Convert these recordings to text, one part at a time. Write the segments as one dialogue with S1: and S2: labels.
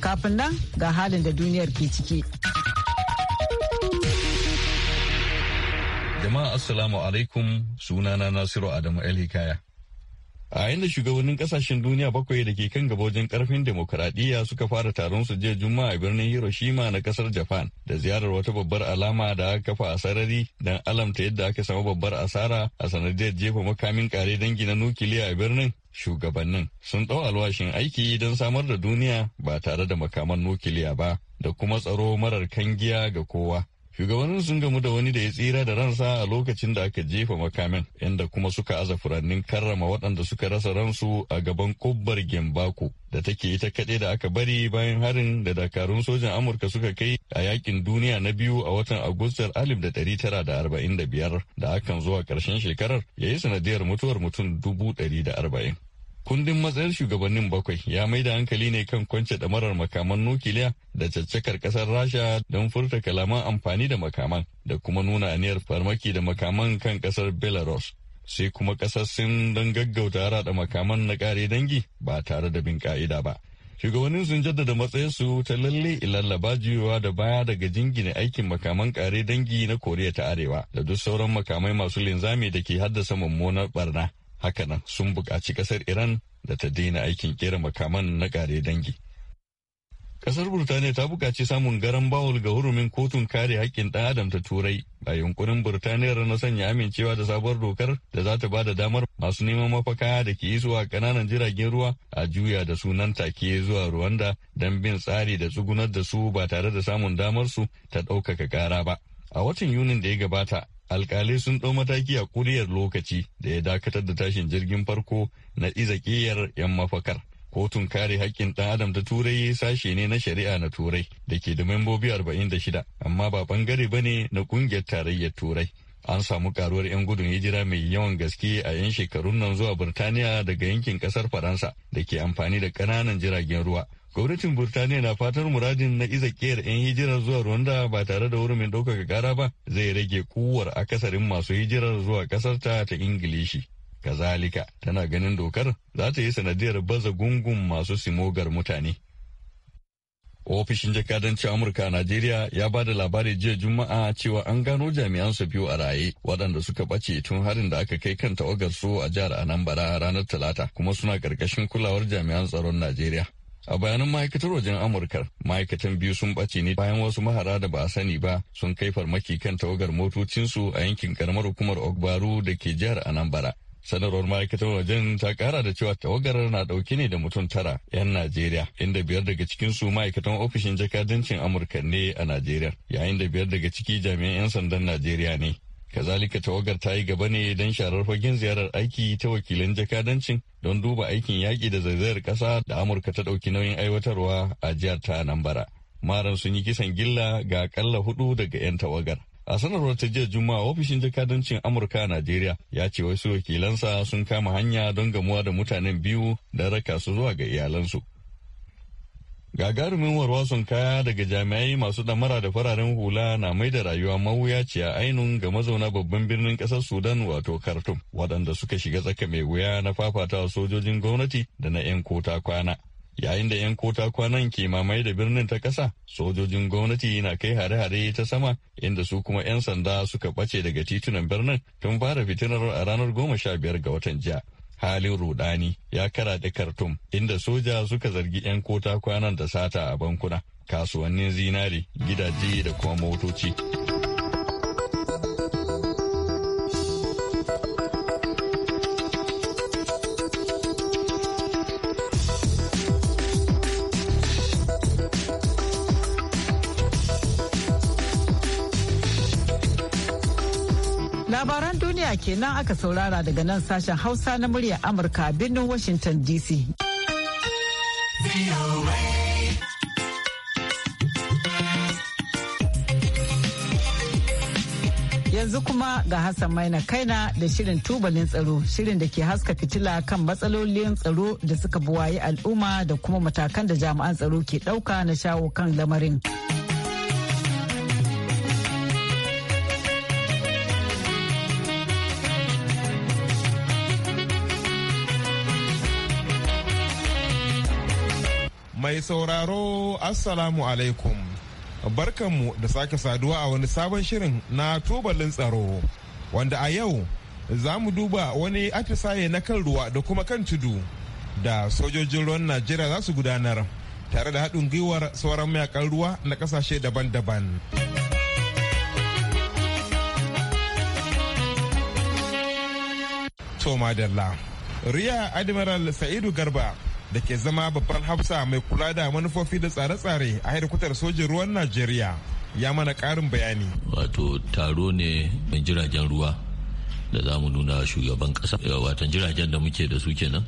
S1: Kafin nan ga halin da duniyar ke ciki.
S2: Jama'a Assalamu alaikum sunana Nasiru Adamu El Hikaya. a yayin shugabannin kasashen duniya bakwai da ke kan gaba wajen karfin demokuraɗiyya suka fara taron su jiya juma'a a birnin hiroshima na kasar japan da ziyarar wata babbar alama da aka kafa a sarari don alamta yadda aka samu babbar asara a sanadiyar jefa makamin kare dangi na nukiliya a birnin shugabannin sun ɗau alwashin aiki don samar da duniya ba tare da makaman nukiliya ba da kuma tsaro marar kangiya ga kowa shugabannin sun gamu da wani da ya tsira da ransa a lokacin da aka jefa makamin inda kuma suka aza furannin karrama waɗanda suka rasa ransu a gaban kubbar gembako da take ita kaɗai da aka bari bayan harin da dakarun sojan amurka suka kai a yakin duniya na biyu a watan agustar 1945 da hakan zuwa ƙarshen shekarar ya yi sanadiyar mutuwar mutum 140 kundin matsayar shugabannin bakwai ya mai da hankali ne kan kwance marar makaman nukiliya da caccakar kasar rasha don furta kalaman amfani da makaman da kuma nuna aniyar farmaki da makaman kan kasar belarus sai kuma ƙasar sun don gaggauta da makaman na kare dangi ba tare da bin ka'ida ba shugabannin sun jaddada matsayinsu ta lalle ilallaba da baya daga jingina aikin makaman kare dangi na koriya ta arewa da duk sauran makamai masu linzami da ke haddasa mummunar barna hakanan sun buƙaci ƙasar iran da ta daina aikin kera makaman na ƙare dangi ƙasar burtaniya ta buƙaci samun garan bawul ga hurumin kotun kare haƙƙin ɗan adam ta turai a yunkurin Burtaniya na sanya amincewa da sabuwar dokar da za ta ba da damar masu neman mafaka da ke zuwa ƙananan jiragen ruwa a juya da sunan take zuwa ruwanda don bin tsari da tsugunar da su ba tare da samun damar su ta ɗaukaka ƙara ba a watan yunin da ya gabata alkalai sun ɗau mataki a kuriyar lokaci da ya dakatar da tashin jirgin farko na izakiyar 'yan mafakar. Kotun kare haƙƙin ɗan adam ta Turai sashe ne na shari'a na Turai da ke da membobi arba'in da shida amma ba ɓangare ba ne na ƙungiyar tarayyar Turai. An samu karuwar 'yan gudun hijira mai yawan gaske a 'yan shekarun nan zuwa Birtaniya daga yankin ƙasar Faransa da ke amfani da ƙananan jiragen ruwa Gwamnatin Burtaniya na fatar muradin na iza kiyar 'yan hijirar zuwa Rwanda ba tare da wurin ɗaukaka gara ba zai rage kuwar akasarin masu hijirar zuwa ƙasar ta Ingilishi. Kazalika tana ganin dokar za ta yi sanadiyar baza gungun masu simogar mutane. Ofishin jakadancin Amurka a Najeriya ya ba da labari jiya Juma'a cewa an gano jami'an su biyu a raye waɗanda suka ɓace tun harin da aka kai kan tawagar su a jihar Anambra ranar Talata kuma suna ƙarƙashin kulawar jami'an tsaron Najeriya. A bayanan ma'aikatar wajen Amurka, ma'aikatan biyu sun ɓace ne bayan wasu mahara da ba a sani ba sun kai farmaki kan tawagar motocinsu a yankin karamar hukumar Ogbaru da ke jihar Anambra. Sanarwar ma'aikatar wajen ta kara da cewa tawagar na dauke ne da mutum tara 'yan Najeriya, inda biyar daga cikinsu ma'aikatan ofishin jakadancin Amurka ne a Najeriya, yayin da biyar daga ciki jami'an 'yan sandan Najeriya ne. Kazalika tawagar ta yi gaba ne don sharar fagen ziyarar aiki ta wakilan jakadancin don duba aikin yaƙi da zaizayar ƙasa da Amurka ta ɗauki nauyin aiwatarwa a jihar ta Anambra. Maran sun yi kisan gilla ga akalla hudu daga 'yan tawagar. A sanarwar ta jiya Juma'a ofishin jakadancin Amurka a Najeriya ya ce wasu wakilansa sun kama hanya don gamuwa da mutanen biyu da raka su zuwa ga iyalansu. Gagarumin warwason kaya daga jami'ai masu ɗamara da fararen hula na mai da rayuwa mawuyaciya ainun ga mazauna babban birnin ƙasar Sudan wato Khartoum, waɗanda suka shiga tsaka mai wuya na fafatawa sojojin gwamnati da na 'yan kota kwana. Yayin da 'yan kota kwanan ke mamaye da birnin ta ƙasa, sojojin gwamnati na kai hare-hare ta sama inda su kuma 'yan sanda suka ɓace daga titunan birnin tun fara fitinar a ranar goma sha biyar ga watan jiya. halin rudani ya kara da inda soja suka zargi 'yan kota kwanan da sata a bankuna kasuwannin zinare gidaje da kuma motoci
S1: duniya kenan aka saurara daga nan sashen Hausa na muryar Amurka a birnin Washington DC. Yanzu kuma ga Hassan Maina Kaina da shirin tubalin tsaro, shirin da ke haska fitila kan matsalolin tsaro da suka buwaye al'umma da kuma matakan da jami'an tsaro ke ɗauka na shawo kan lamarin.
S3: Mai sauraro Assalamu alaikum. Barkanmu da sake saduwa a wani sabon shirin na tubalin tsaro wanda a yau za mu duba wani atisaye na kan ruwa da kuma kan tudu da sojojin ruwan Najeriya za su gudanar tare da haɗin gwiwar sauran mayakan ruwa na ƙasashe daban-daban. Toma Dalla. Riya Admiral Sa'idu Garba da ke zama babban hafsa mai kula da manufofi da tsare-tsare a hedikwatar sojin ruwan najeriya ya mana karin bayani
S4: wato taro ne mai jiragen ruwa da za mu nuna shugaban kasa watan jiragen da muke da su kenan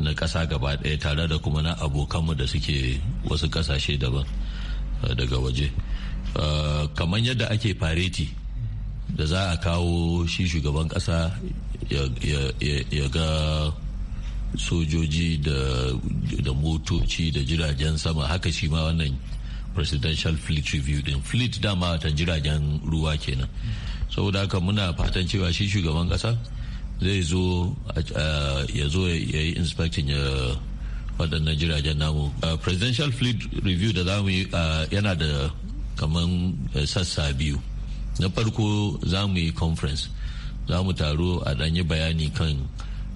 S4: na kasa gaba ɗaya tare da kuma na abokanmu da suke wasu kasashe daban eh, daga waje eh, kamar yadda ake fareti da za a kawo shi shugaban kasa ya ga sojoji da motoci da jiragen sama haka shi ma wannan presidential fleet review din fleet dama watan jiragen ruwa kenan saboda haka muna fatan cewa shi shugaban kasa zai zo ya zo ya yi inspecting ya waɗannan jiragen namu presidential fleet review da zamu yi yana da kaman eh, sassa biyu na farko za mu yi conference za mu taro a ɗanyi bayani kan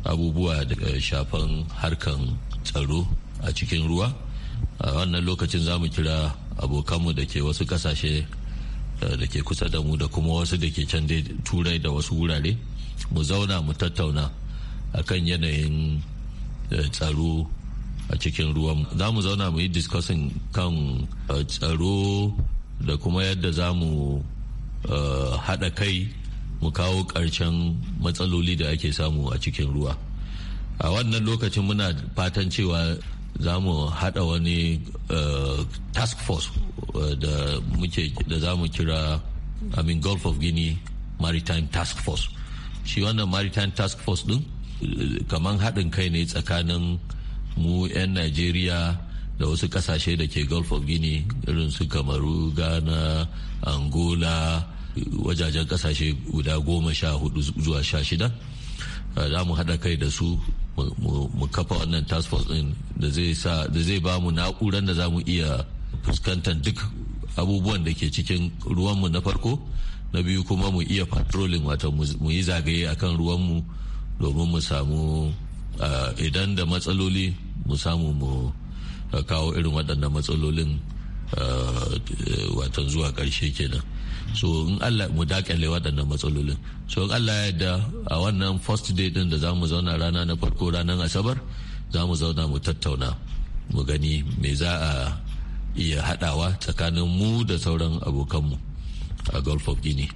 S4: abubuwa daga shafan harkan tsaro a cikin ruwa a wannan lokacin za mu kira abokanmu da ke wasu kasashe eh, da ke kusa da mu da kuma wasu da ke can turai da wasu wurare mu zauna mu tattauna a kan yanayin eh, tsaro a cikin ruwan za mu zauna mu yi discussing kan eh, tsaro da kuma yadda za mu haɗa kai mu kawo ƙarshen matsaloli da ake samu a cikin ruwa a wannan lokacin muna fatan cewa za mu haɗa wani eh, task force eh, da za mu kira amin gulf of guinea maritime task force shi wannan maritime task force ɗin eh, kamar haɗin kai ne tsakanin mu 'yan nigeria da wasu kasashe da ke gulf of guinea irin su kamaru ghana angola wajajen kasashe guda goma sha hudu zuwa sha shida ah, za mu haɗa kai da su mu kafa wannan task force din da zai ba mu na'urar da za mu iya fuskantar duk abubuwan da ke cikin ruwanmu na farko na biyu kuma mu iya patrolling wato mu yi zagaye akan ruwanmu domin mu samu ah, idan da matsaloli mu samu mu ah, kawo irin waɗannan matsalolin Eh, watan zuwa ƙarshe kenan so in allah mu dakale waɗannan matsalolin so in allah ya yarda a wannan first day din da za mu zauna rana na farko ranar asabar za mu zauna mu tattauna mu gani me za a iya haɗawa tsakanin mu da sauran abokanmu a gulf of guinea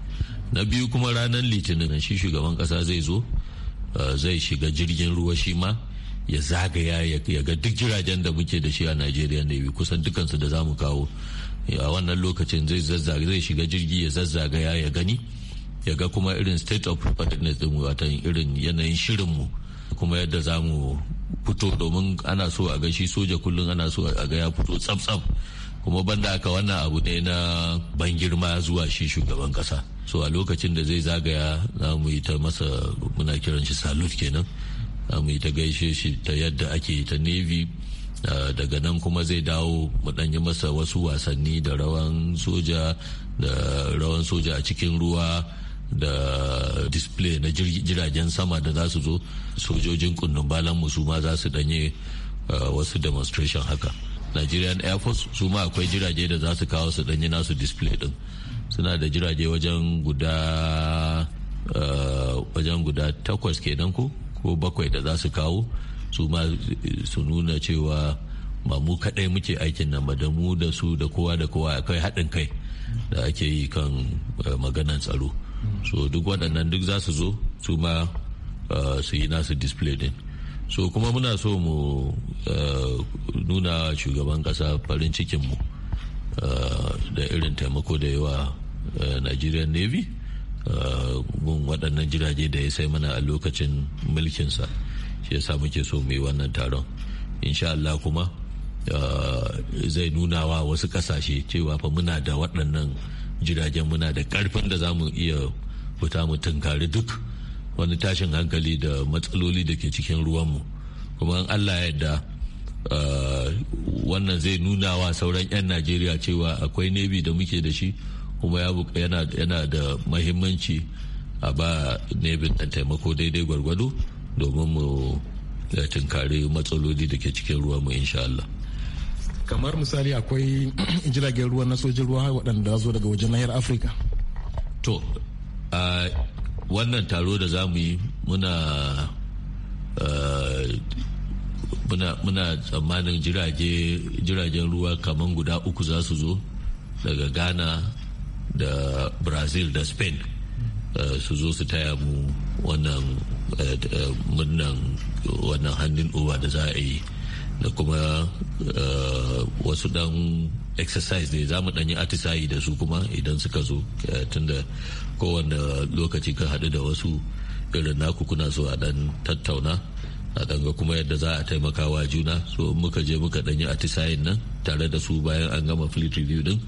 S4: na biyu kuma ranar litinin shi shugaban ƙasa zai zo eh, zai shiga jirgin ruwa shi ma ya zagaya ya ga duk jiragen da muke da shi a najeriya ne kusan dukansu da za mu kawo a wannan lokacin zai zazzaga zai shiga jirgi ya zazzagaya ya gani ya ga kuma irin state of preparedness din watan irin yanayin shirin mu. kuma yadda za mu fito domin ana so a ga shi soja kullum ana so a ga ya fito tsaf-tsaf kuma banda aka wannan abu ne na ban girma zuwa shi shugaban kasa so a lokacin da zai zagaya za mu yi ta masa muna kiran shi salut kenan za mu yi ta gaishe shi ta yadda ake ta navy Eh, daga nan kuma zai dawo mu yi masa wasu wasanni da rawan soja da rawan soja a cikin ruwa da display na jiragen sama da za su zo sojojin kundin balan su ma za su danye eh, wasu demonstration haka nigerian air force su ma akwai jirage da za su kawo su danye nasu display din suna da jirage wajen guda eh, wajen guda takwas kenan ko bakwai da za su kawo su ma su nuna cewa ba mu kaɗai muke aikin nan ba da mu da su da kowa da kowa akwai haɗin kai da ake yi kan eh, maganan tsaro so duk waɗannan duk za su zo su ma eh, su yi nasu display din so kuma muna so mu eh, nuna shugaban ƙasa farin cikin mu da irin taimako da yawa nigerian navy gun waɗannan jirage da ya sai mana a lokacin mulkinsa shi yasa muke so mu yi wannan taron insha Allah kuma eh, zai nuna wa wasu kasashe cewa fa muna da waɗannan jiragen muna da ƙarfin da za mu iya fita mu tunkari duk wani tashin hankali da matsaloli da ke cikin ruwanmu kuma in allah yadda eh, wannan zai nuna wa sauran 'yan najeriya cewa akwai nebi da muke da shi kuma yana da mahimmanci a ba nebin taimako daidai gwargwado domin mu eh, tunkari matsaloli da ke cikin ruwa mu insha Allah. kamar
S3: misali akwai jiragen ruwa na sojin ruwa waɗanda zo daga wajen nahiyar afirka
S4: to a wannan taro da za mu yi muna muna tsammanin jiragen ruwa kamar guda uku za su zo daga ghana da brazil da spain eh, su zo su taya mu wannan murnan wannan hannun uba da za a yi da kuma eh, wasu dan exercise ne za mu yi atisayi da su kuma idan suka zo eh, tunda kowane lokaci ka hadu da wasu irin naku kuna zuwa a dan tattauna a danga kuma yadda za a taimaka wa juna so muka je muka danyi atisayin nan tare da su bayan an gama fleet review din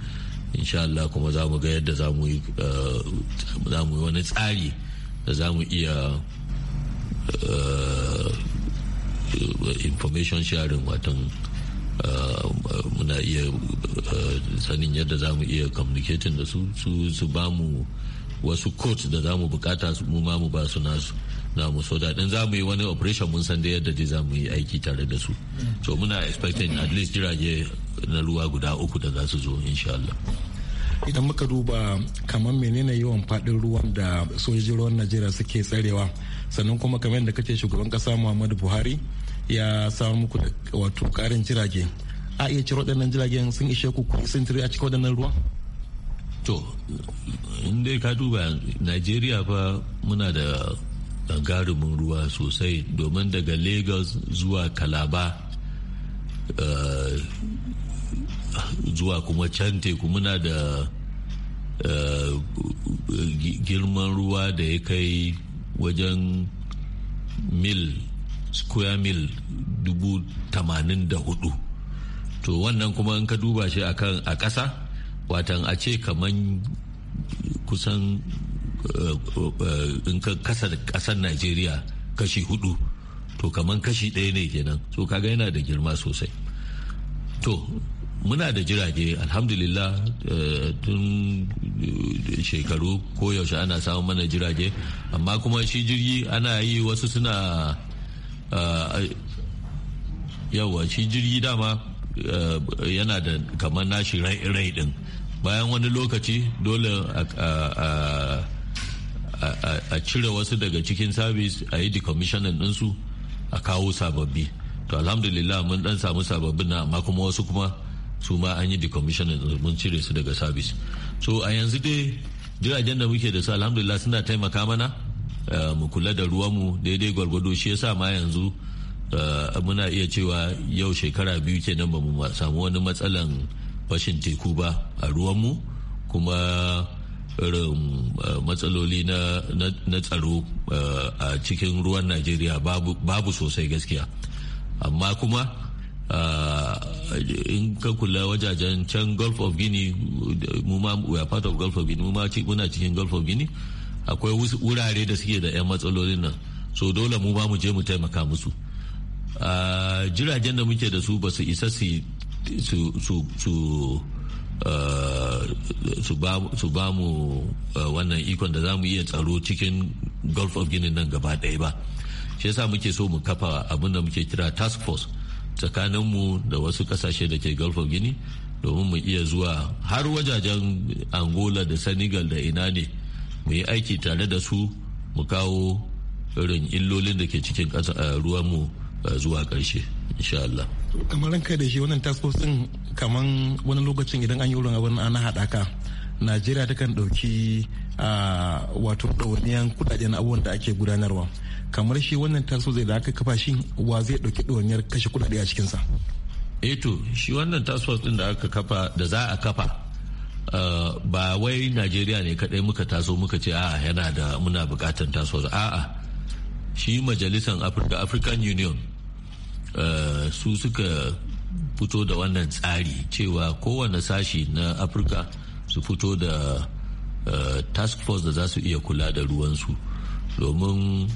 S4: insha Allah kuma za mu ga yadda za mu yi eh, wani tsari da za mu iya Eh, information sharing watan eh, muna iya eh, sanin yadda za mu iya communicating da su su ba mu wasu coach da za mu bukata mu ma mu ba su nasu na mu so da za mu yi wani operation mun san da yadda dai za mu yi aiki tare da su so muna expecting at least jirage na ruwa guda uku da za su zo insha Allah
S3: idan muka duba kamar menene yawan fadin ruwan da sojojin ruwan Najeriya suke tsarewa sannan kuma kamar da kace shugaban kasa muhammadu buhari ya samu muku da wato karin jirage a iya cire waɗannan jiragen sun ishe ku kuɗi sun a cikin waɗannan ruwa
S4: to in dai ka duba Nigeria fa muna da gagarumin ruwa sosai domin daga lagos zuwa kalaba eh, zuwa kuma can teku muna da eh, girman ruwa da ya kai wajen mil square mil dubu tamanin da hudu to wannan kuma in ka duba shi a kan a ƙasa watan a ce kaman kusan eh, eh, in ka kasa ƙasar nigeria kashi hudu to kaman kashi ɗaya ne kenan so kaga yana da girma sosai to muna da jirage alhamdulillah eh, tun eh, shekaru koyaushe ana samun mana jirage amma kuma shi jirgi ana yi wasu suna eh, yawa shi jirgi dama yana da kamar nashi rai din bayan wani lokaci dole a cire wasu daga cikin sabis a yi decommissioning ɗinsu a kawo sababbi to alhamdulillah mun dan samu sababbin na amma kuma wasu kuma su ma an yi decommissioning mun cire su daga service so a yanzu dai jiragen da muke da su alhamdulillah suna taimaka mana eh, mu kula da ruwanmu daidai gwargwado shi yasa ma yanzu eh, muna iya cewa yau shekara biyu kenan ba mu samu wani matsalan fashin teku ba a ruwanmu kuma irin eh, matsaloli na tsaro a cikin ruwan najeriya babu sosai gaskiya amma kuma in ka kula wajajen can gulf of guinea mu ma we part of gulf of guinea mu ma muna cikin gulf of guinea akwai wurare da suke da 'yan matsalolin nan so dole mu ba mu je mu taimaka musu jiragen da muke da su ba su isa su su ba mu wannan ikon da za mu iya tsaro cikin gulf of guinea nan gaba ɗaya ba shi yasa muke so mu kafa abin muke kira task force tsakaninmu da wasu kasashe da ke gulf of guinea domin mu iya zuwa har wajajen angola da senegal da ina ne mu yi aiki tare da su mu kawo irin illolin da ke cikin eh, ruwanmu eh, zuwa karshe insha Allah.
S3: kamar ranka da shi wannan taso kamar wani lokacin idan an yi wurin abin ana haɗaka najeriya takan ɗauki wato ɗawainiyan kudaden abubuwan da ake gudanarwa kamar shi wannan taso zai da aka kafa shi wa zai ɗauki ɗawainiyar kashe kudade a cikinsa
S4: eto eh shi wannan taso ɗin da aka kafa da za a kafa ba wai najeriya ne kadai muka taso muka ce a'a yana da muna bukatan taso a'a shi majalisan Africa, african union su suka fito da wannan tsari cewa kowane sashi na afirka su fito da Eh, task force da za su iya kula da ruwansu domin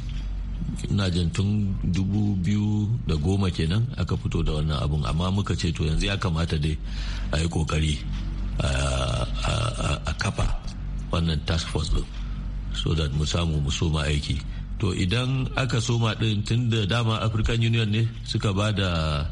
S4: ina jin tun dubu biyu da goma kenan aka fito da wannan abun amma muka ce to yanzu ya kamata dai a yi kokari a kafa wannan task force din so that mu samu mu soma aiki to idan aka soma din tun da dama african union ne suka ba da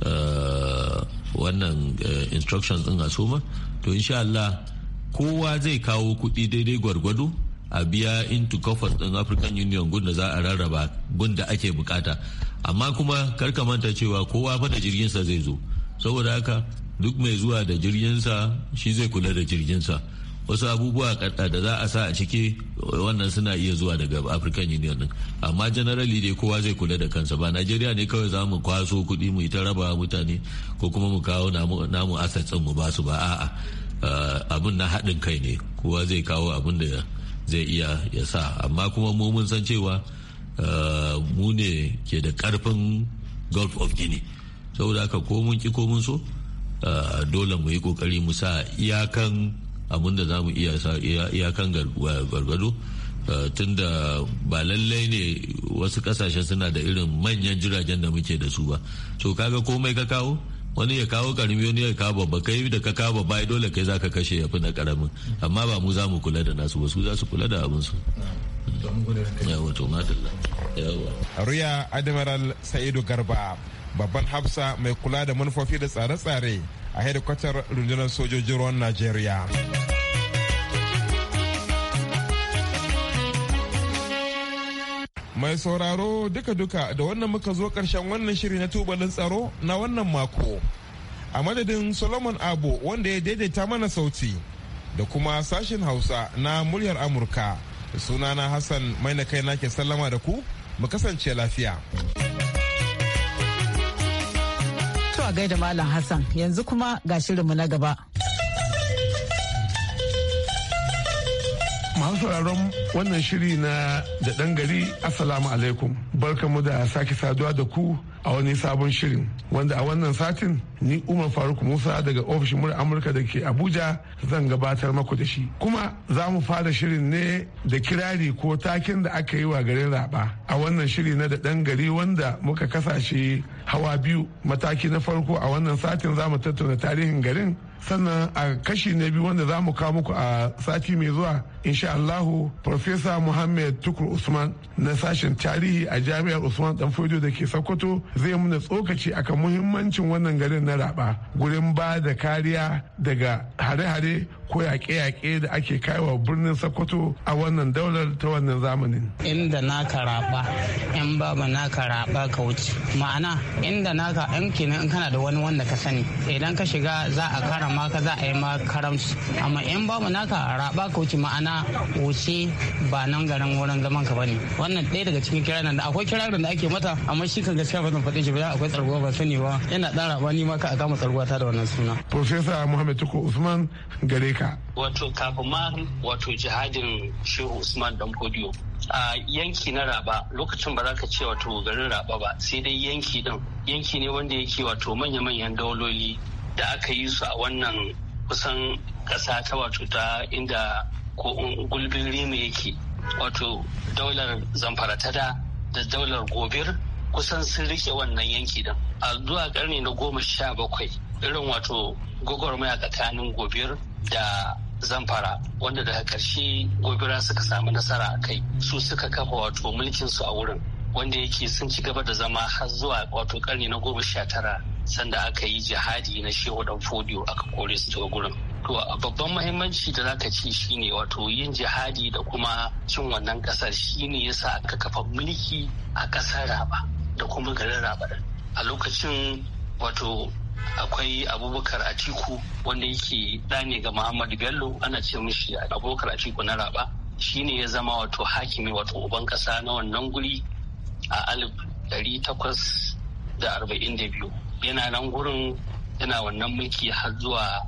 S4: eh, wannan eh, instructions din a soma to insha Allah kowa zai kawo kuɗi daidai gwargwado a biya into coffers ɗin african union gun za a rarraba gun ake bukata amma kuma karka manta cewa kowa fa da jirginsa zai zo saboda haka duk mai zuwa da jirginsa shi zai kula da jirginsa wasu abubuwa kadda da za a sa a ciki wannan suna iya zuwa daga african union din amma generally dai kowa zai kula da kansa ba najeriya ne kawai za mu kwaso kuɗi mu ita raba mutane ko kuma mu kawo namu assets mu ba su ba a'a Eh, abin na haɗin kai ne kowa zai kawo abin da zai iya ya sa amma kuma mu mun san cewa eh, mu ne ke da ƙarfin gulf of guinea saboda haka ko mun ki ko mun so eh, dole mu yi kokari mu sa iyakan abin da za mu iya sa iyakan gargado tunda ba lallai ne wasu ƙasashen suna da irin manyan jiragen da muke da su ba so kaga komai ka kawo wani ya kawo karami wani ya kawo babba kai da ka kawo babba ya dole kai za ka kashe ya fi na karamin amma ba mu za mu kula da nasu ba su za su kula da abin su yawa to madalla yawa
S3: ruya admiral sa'idu garba babban hafsa mai kula da manufofi da tsare-tsare a hedikwatar rundunar sojojin ruwan najeriya Mai sauraro duka-duka da wannan muka zo karshen wannan shiri na tubalin tsaro na wannan mako. A madadin Solomon abu wanda ya daidaita mana sauti da kuma sashen Hausa na muryar Amurka. Sunana Hassan mai na kai nake sallama da ku, mu kasance lafiya.
S1: gaida Malam Hassan yanzu kuma ga shirinmu na gaba. masu
S5: sauraron wannan shiri na da ɗan gari assalamu alaikum
S1: barkamu da sake
S5: saduwa da ku a wani sabon shirin wanda a wannan satin ni umar faruk musa daga ofishin mura amurka da ke abuja zan gabatar maku da shi kuma za mu fara shirin ne da kirari ko takin da aka yi wa garin raba a wannan shiri na da ɗan gari wanda muka kasashe hawa biyu mataki na farko a wannan satin za mu tattauna tarihin garin sannan a kashi na biyu wanda za mu kawo muku a sati mai zuwa insha Allahu Profesa Muhammad Tukur Usman na sashen tarihi a Jami'ar Usman Danfodio da ke Sokoto zai muna tsokaci akan muhimmancin wannan garin na raba gurin ba da kariya daga hare-hare ko yaƙe-yaƙe da ake kaiwa birnin Sokoto a wannan daular ta wannan zamanin.
S1: Inda na karaba, yan baba na karaba ka wuce. Ma'ana inda na ka in kana da wani wanda ka sani idan ka shiga za a kara amma ka za a yi ma karamci amma in babu naka raba ka wuce ma'ana wuce ba nan garin wurin zaman ka bane wannan ɗaya daga cikin nan da akwai kira da ake mata amma shi kan gaskiya ba zan faɗe shi ba akwai tsarguwa ba sani ba yana ɗan raba ni ma ka a kama tsarguwa ta da wannan suna.
S5: Profesa Muhammad Tuko Usman gare ka.
S6: Wato kafin ma wato jihadin Shehu Usman Danfodiyo a yanki na raba lokacin ba za ka ce wato garin raba ba sai dai yanki din yanki ne wanda yake wato manya-manyan dauloli da aka yi su a wannan kusan ƙasa ta wato ta inda gulbin rima yake wato daular zamfara ta da daular gobir kusan sun rike wannan yanki din a zuwa karni na goma sha bakwai irin wato gwagwarmaya tsakanin gobir da zamfara wanda daga ƙarshe gobira suka samu nasara a kai su suka kafa wato mulkin su a wurin wanda yake sun ci gaba da zama har zuwa wato karni na goma sha tara sanda aka yi jihadi na shehu dan fodiyo aka kore su daga gurin to a babban mahimmanci da zaka ci shine wato yin jihadi da kuma cin wannan kasar shine yasa aka kafa mulki a kasar raba da kuma garin raba a lokacin wato akwai abubakar atiku wanda yake ɗane ga muhammad bello ana ce mishi abubakar atiku na raba shine ya zama wato hakimi wato uban kasa na wannan guri a alif dari takwas da arba'in da biyu yana nan gurin yana wannan mulki har zuwa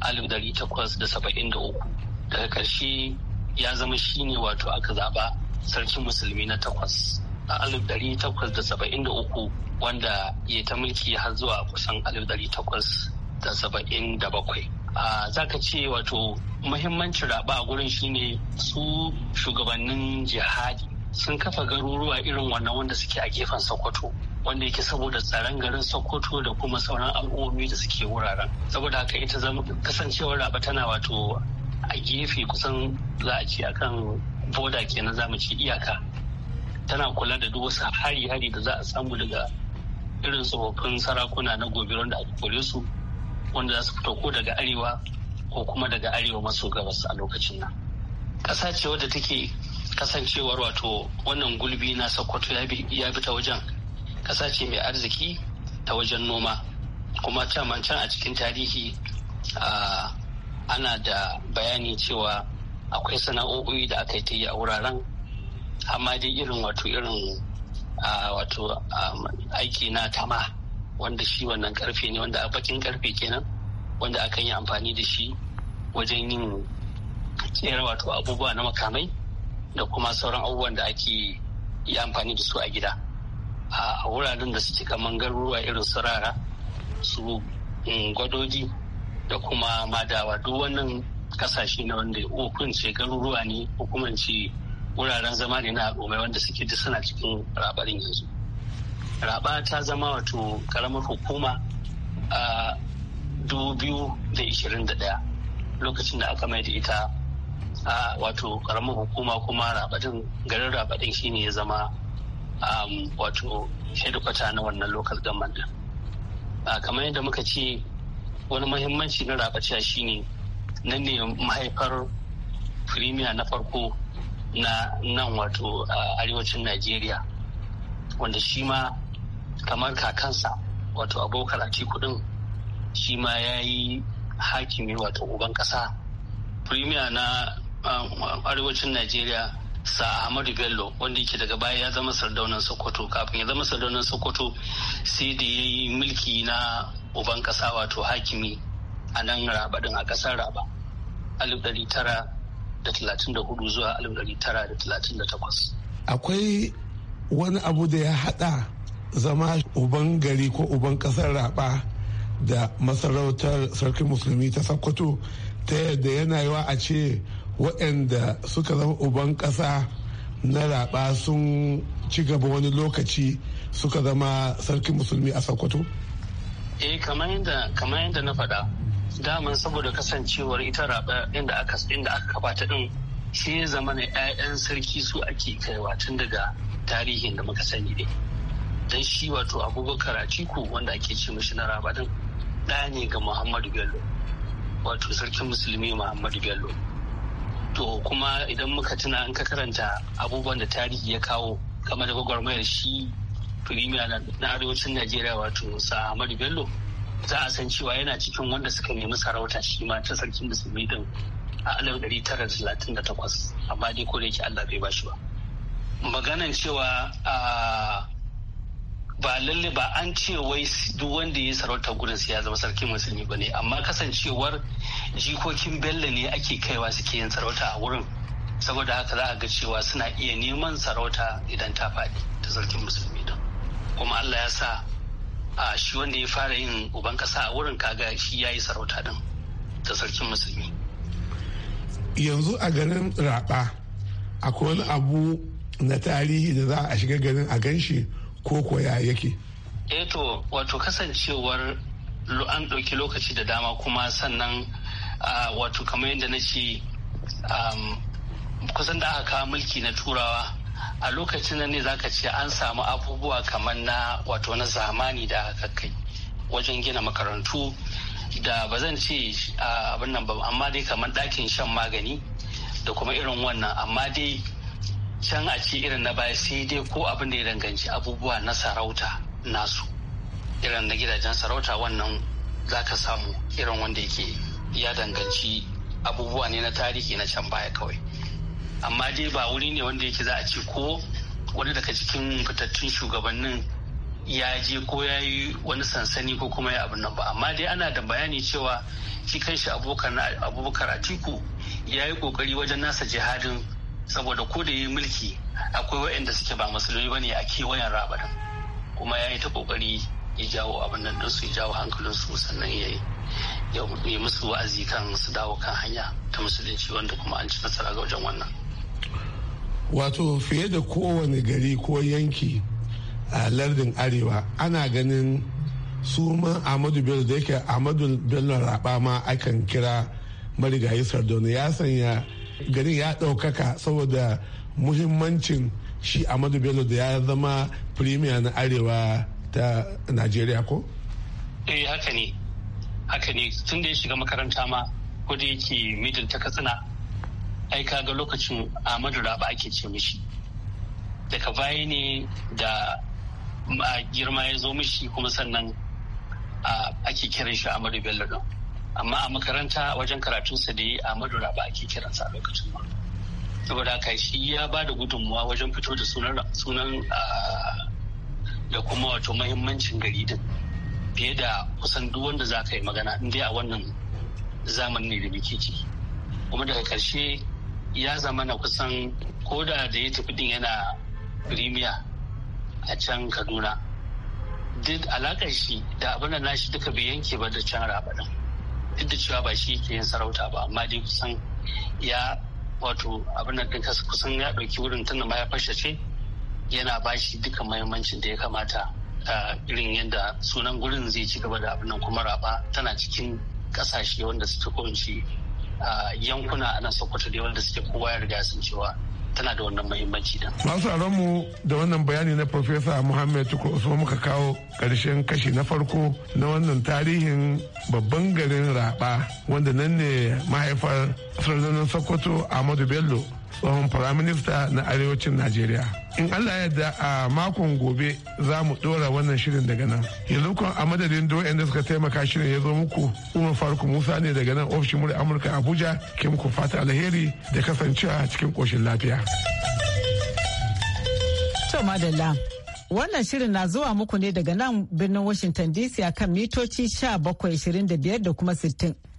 S6: alif dari takwas da saba'in da uku daga ƙarshe ya zama shine wato aka zaba sarkin musulmi na takwas a alif dari takwas da saba'in da uku wanda ya ta mulki har zuwa kusan alif dari takwas da saba'in da bakwai a zaka ce wato muhimmancin raba a gurin shine su shugabannin jihadi sun kafa garuruwa irin wannan wanda suke a gefen sokoto wanda yake saboda tsaron garin sokoto da kuma sauran al'ummomi da suke wuraren saboda haka ita zama kasancewar raba tana wato a gefe kusan za a ce akan boda kenan za mu ce iyaka tana kula da duk wasu hari-hari da za a samu daga irin tsofaffin sarakuna na gobe wanda aka kore su wanda za su fito ko daga arewa ko kuma daga arewa maso gabas a lokacin nan ƙasa ce wadda take kasancewar wato wannan gulbi na sokoto ya bi ta wajen kasa ce mai arziki ta wajen noma kuma can a cikin tarihi ana da bayani cewa akwai sana'o'i da aka yi ta yi a wuraren amma dai irin wato irin wato aiki na tama wanda shi wannan karfe ne wanda a karfe kenan wanda aka yi amfani da shi wajen yin tsere wato abubuwa na makamai da kuma sauran abubuwan da ake yi amfani da su a gida a wuraren da suke kaman garuruwa irin su rara su mm, gwadoji da kuma madawa duk wannan kasashe na wanda hukunce garuruwa ne hukumance wuraren zama ne na al'ummai wanda suke da suna cikin rabarin yanzu raba ta zama wato karamar hukuma a 2021 lokacin da aka mai da ita a wato karamar hukuma kuma rabadin garin rabadin shine ya zama wato shaidukwata na wannan local government kamar yadda muka ce wani mahimmanci na rabaciya shine nan ne mahaifar firimiya na farko na nan wato arewacin najeriya wanda shi ma kamar kakansa wato abokar ati kudin shi ma ya yi hakimi wato uban kasa firimiya na arewacin najeriya sa ahmadu bello wanda yake daga baya ya zama sardaunan sokoto kafin ya zama sardaunan sokoto sai da ya yi mulki na uban kasa wato hakimi a nan raba din a kasar raba 1934 zuwa 1938
S5: akwai wani abu da ya hada zama uban gari ko uban kasar raba da masarautar sarkin musulmi ta sokoto ta yadda yana yiwa a ce waɗanda suka zama uban ƙasa na raɓa sun ci gaba wani lokaci suka zama sarkin musulmi a sokoto?
S6: eh kamar yadda na faɗa daman saboda kasancewar ita raɓa inda aka inda ta ɗin sai ya zama na 'ya'yan sarki su ake kaiwa tun daga tarihin da muka sani ne dan shi wato abubakar atiku wanda ake ce mashi na raɓa ɗin ɗaya ne ga muhammadu bello wato sarkin musulmi muhammadu bello to kuma idan muka tuna in ka karanta abubuwan da tarihi ya kawo game da gwagwarmayar shi firimiya na arewacin najeriya wato sa ahmadu bello za a san cewa yana cikin wanda suka nemi sarauta shi ma ta sarkin musulmi din a alif ɗari tara talatin da takwas amma dai ko da yake allah bai bashi ba maganan cewa ba lalle ba an ce wai duk wanda ya sarauta gudun ya zama sarkin musulmi ba ne amma kasancewar jikokin bello ne ake kaiwa suke yin sarauta a wurin saboda haka za a ga cewa suna iya neman sarauta idan ta faɗi ta sarkin musulmi don kuma allah ya sa a shi wanda ya fara yin uban kasa a wurin kaga shi ya yi sarauta din ta sarkin musulmi
S5: yanzu a garin raɓa akwai wani abu na tarihi da za a shiga garin a ganshi ko koya yake
S6: eto eh wato kasancewar an ɗauki lokaci da dama kuma sannan wato kamar yadda na ce kusan da aka kawo mulki na turawa a lokacin nan ne zaka ce an samu abubuwa kamar na wato na zamani da aka kai wajen gina makarantu da ba zan ce abin nan ba amma dai kamar ɗakin shan magani da kuma irin wannan amma dai can a ce irin na baya sai dai ko abin da ya danganci abubuwa na sarauta nasu irin na gidajen sarauta wannan zaka samu irin wanda yake ya danganci abubuwa ne na tarihi na can baya kawai amma dai ba wuri ne wanda yake za a ce ko wani daga cikin fitattun shugabannin ya je ko ya yi wani sansani ko kuma ya abin nan ba amma dai ana da bayani cewa shi kanshi abubakar atiku ya yi kokari wajen nasa jihadin saboda ko da yi mulki akwai waɗanda suke ba musulmi ne a kewayen rabadan kuma ya yi ta kokari ya jawo abin nan don su ya jawo hankalinsu sannan ya yi musu wa'azi kan su dawo kan hanya ta musulunci wanda kuma an ci nasara ga wajen wannan
S5: wato fiye da kowane gari ko yanki a lardin arewa ana ganin su ma amadu bello da yake amadu bello raba ma akan kira marigayi sardauna ya sanya garin ya daukaka saboda muhimmancin shi amadu bello da ya zama premier na arewa ta najeriya ko
S6: eh haka ne haka ne tun da ya shiga makaranta ma ko da yake middle ta katsina ai ga lokacin ahmadu raba ake ce mishi daga baya ne da girma ya zo mishi kuma sannan ake kiran shi ahmadu bello don amma a makaranta wajen karatunsa da yi ahmadu raba ake kiransa a lokacin ma saboda haka shi ya ba da gudunmuwa wajen fito da sunan da kuma wato mahimmancin gari din fiye da kusan duk wanda za ka yi magana in dai a wannan zamanin da muke ciki kuma daga karshe ya zama na kusan ko da da ya tafi din yana firimiya a can kaduna duk alaƙar shi da abin da nashi duka bai yanke ba da can rabaɗin duk da cewa ba shi ke yin sarauta ba amma dai kusan ya wato abin da kusan ya ɗauki wurin tunda fashe ce yana bashi duka mahimmancin da ya kamata irin yadda sunan gurin zai ci gaba da abin kuma raba tana cikin kasashe wanda suke kunci yankuna a nan sokoto dai wanda suke kowa ya riga sun cewa tana da wannan mahimmanci da.
S5: Masu mu da wannan bayani na Profesa muhammed tuko Usman muka kawo karshen kashi na farko na wannan tarihin babban garin Raba wanda nan ne mahaifar Sardanin Sokoto Ahmadu Bello tsohon firaminista na arewacin najeriya in allah yadda a makon gobe za mu dora wannan shirin daga nan yanzu kan a madadin doyen da suka taimaka shirin ya zo muku umar faruk musa ne daga nan ofishin murya amurka abuja ke muku fata alheri da kasancewa cikin koshin lafiya
S1: to madalla wannan shirin na zuwa muku ne daga nan birnin washington dc a kan mitoci 1725 da kuma 60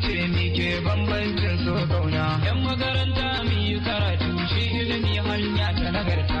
S1: ce mike bambancin so zauna yan makaranta muyi yi karatu shi ilimi hanya ta nagarta